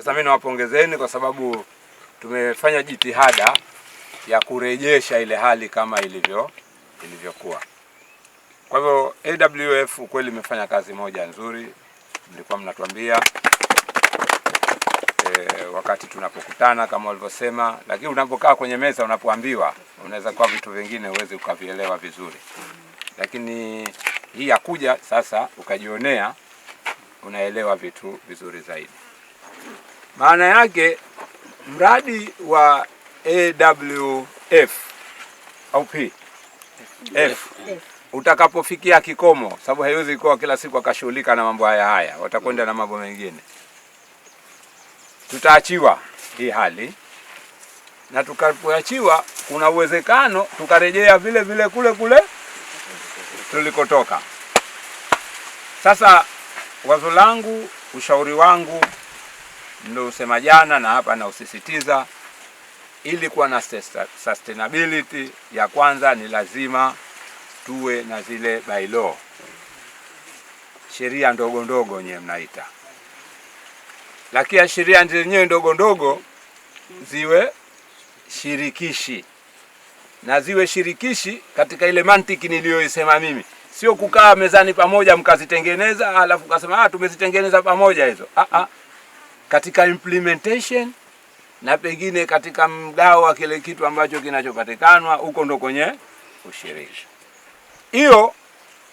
Sasa mimi nawapongezeni kwa sababu tumefanya jitihada ya kurejesha ile hali kama ilivyo ilivyokuwa. Kwa hivyo AWF ukweli imefanya kazi moja nzuri, mlikuwa mnatuambia e, wakati tunapokutana kama walivyosema, lakini unapokaa kwenye meza unapoambiwa, unaweza kuwa vitu vingine uweze ukavielewa vizuri, lakini hii ya kuja sasa ukajionea unaelewa vitu vizuri zaidi. Maana yake mradi wa AWF au P F utakapofikia kikomo, sababu haiwezi kuwa kila siku akashughulika na mambo haya haya, watakwenda na mambo mengine. Tutaachiwa hii hali, na tukapoachiwa, kuna uwezekano tukarejea vile vile kule kule tulikotoka. Sasa wazo langu, ushauri wangu usema jana na hapa nausisitiza, ili kuwa na sustainability ya kwanza ni lazima tuwe na zile bylaw, sheria ndogo ndogo nyewe mnaita, lakini sheria zenyewe ndogo ndogo ziwe shirikishi na ziwe shirikishi katika ile mantiki niliyoisema mimi, sio kukaa mezani pamoja mkazitengeneza alafu kasema ah, tumezitengeneza pamoja hizo ah, ah katika implementation na pengine katika mdao wa kile kitu ambacho kinachopatikanwa huko ndo kwenye ushiriki. Hiyo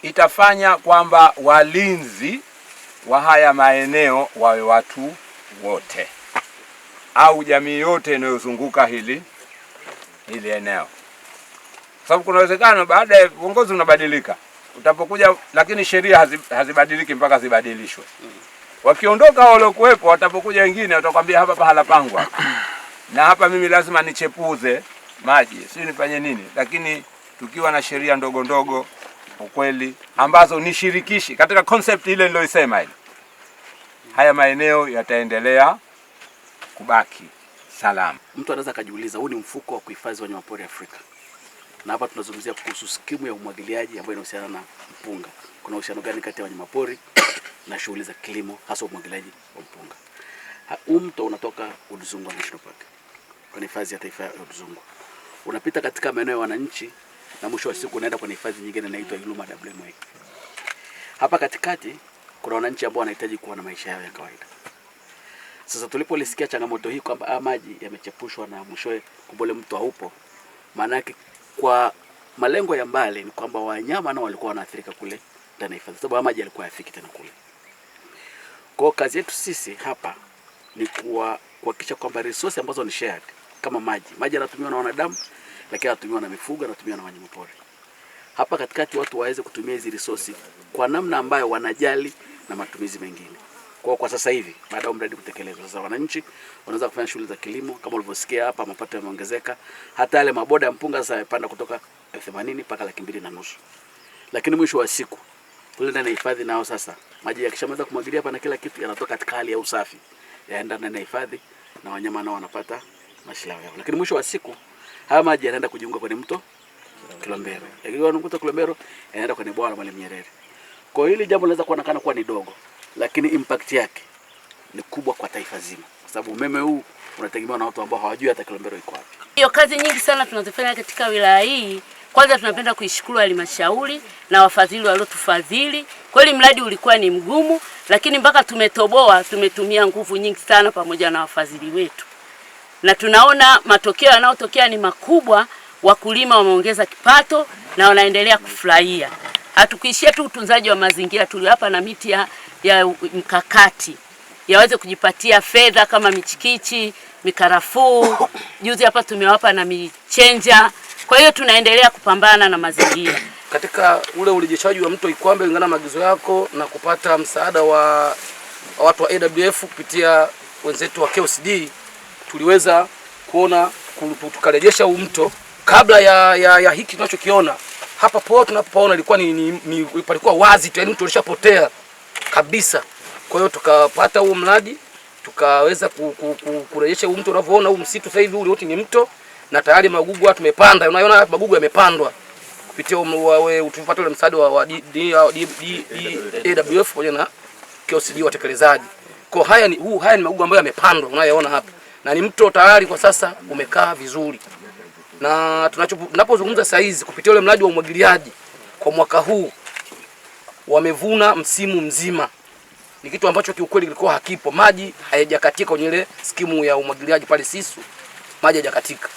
itafanya kwamba walinzi wa haya maeneo wawe watu wote au jamii yote inayozunguka hili hili eneo, kwa sababu kuna uwezekano baada ya uongozi unabadilika utapokuja, lakini sheria hazibadiliki mpaka zibadilishwe. Wakiondoka waliokuwepo, watapokuja wengine watakwambia hapa pahala pangwa na hapa mimi lazima nichepuze maji, si nifanye nini? Lakini tukiwa na sheria ndogo ndogo ukweli ambazo nishirikishi katika concept ile niloisema ile, haya maeneo yataendelea kubaki salama. Mtu anaweza akajiuliza huu ni mfuko wa kuhifadhi wanyamapori Afrika, na hapa tunazungumzia kuhusu skimu ya umwagiliaji ambayo inahusiana na mpunga. Kuna uhusiano gani kati ya wanyamapori na shughuli za kilimo hasa umwagiliaji wa mpunga. Huu mto unatoka Udzungwa National Park kwenye hifadhi ya taifa ya Udzungwa, unapita katika maeneo ya wananchi na mwisho wa siku unaenda kwenye hifadhi nyingine inaitwa Iluma WMA. Hapa katikati kuna wananchi ambao wanahitaji kuwa na maisha yao ya kawaida. Sasa tulipolisikia changamoto hii kwamba maji yamechepushwa na mwishowe kumbole mtu haupo, maana yake kwa malengo ya mbali ni kwamba wanyama nao walikuwa wanaathirika kule ndani ya hifadhi, sababu maji yalikuwa yafiki tena kule. Kwa kazi yetu sisi hapa ni kuhakikisha kwamba resources ambazo ni shared kama maji, maji yanatumiwa na wanadamu, lakini yanatumiwa na mifugo, yanatumiwa na wanyamapori. Hapa katikati watu waweze kutumia hizi resources kwa namna ambayo wanajali na matumizi mengine. Kwa kwa sasa hivi baada ya mradi kutekelezwa, sasa wananchi wanaweza kufanya shughuli za kilimo kama ulivyosikia hapa, mapato yameongezeka. Hata yale maboda ya mpunga sasa yamepanda kutoka 80 mpaka laki mbili na nusu, lakini mwisho wa siku kule ndani hifadhi nao sasa maji yakishamaliza kumwagilia hapa na kila kitu yanatoka katika hali ya usafi yaenda ndani ya hifadhi na wanyama nao wanapata mashilao yao, lakini mwisho wa siku haya maji yanaenda kujiunga kwenye mto Kilombero, yakiwa mto Kilombero yanaenda kwenye bwawa la Mwalimu Nyerere. Kwa hiyo hili jambo linaweza kuonekana kuwa ni dogo, lakini impact yake ni kubwa kwa taifa zima, kwa sababu umeme huu unategemewa na watu ambao hawajui hata Kilombero iko wapi. Hiyo kazi nyingi sana tunazofanya katika wilaya hii. Kwanza tunapenda kuishukuru halmashauri na wafadhili waliotufadhili. Kweli mradi ulikuwa ni mgumu, lakini mpaka tumetoboa, tumetumia nguvu nyingi sana pamoja na wafadhili wetu, na tunaona matokeo yanayotokea ni makubwa. Wakulima wameongeza kipato na wanaendelea kufurahia. Hatukuishia tu utunzaji wa mazingira, tuliwapa na miti ya, ya mkakati yaweze kujipatia fedha kama michikichi, mikarafuu. Juzi hapa tumewapa na michenja. Kwa hiyo tunaendelea kupambana na mazingira katika ule urejeshaji wa mto Ikwambe kulingana na maagizo yako na kupata msaada wa watu wa AWF kupitia wenzetu wa KOCD tuliweza kuona tukarejesha huu mto kabla ya, ya, ya hiki tunachokiona hapa. poa. tunapoona ilikuwa ni, ni, ni, palikuwa wazi tu, yani mtu ulishapotea kabisa. Kwa hiyo tukapata huu mradi tukaweza kurejesha huu mto. Unavyoona huu msitu sasa hivi ule wote ni mto na tayari magugu tumepanda, unaona magugu yamepandwa kupitia um, tupata ule msaada wa AWF pamoja na KOCD watekelezaji. Kwa haya ni huu, haya ni magugu ambayo yamepandwa unayoona hapa, na ni mto tayari kwa sasa umekaa vizuri, na tunapozungumza sasa hizi kupitia ule mradi wa umwagiliaji kwa mwaka huu wamevuna msimu mzima. Ni kitu ambacho kiukweli kilikuwa hakipo, maji hayajakatika kwenye ile skimu ya umwagiliaji pale Sisu, maji hayajakatika.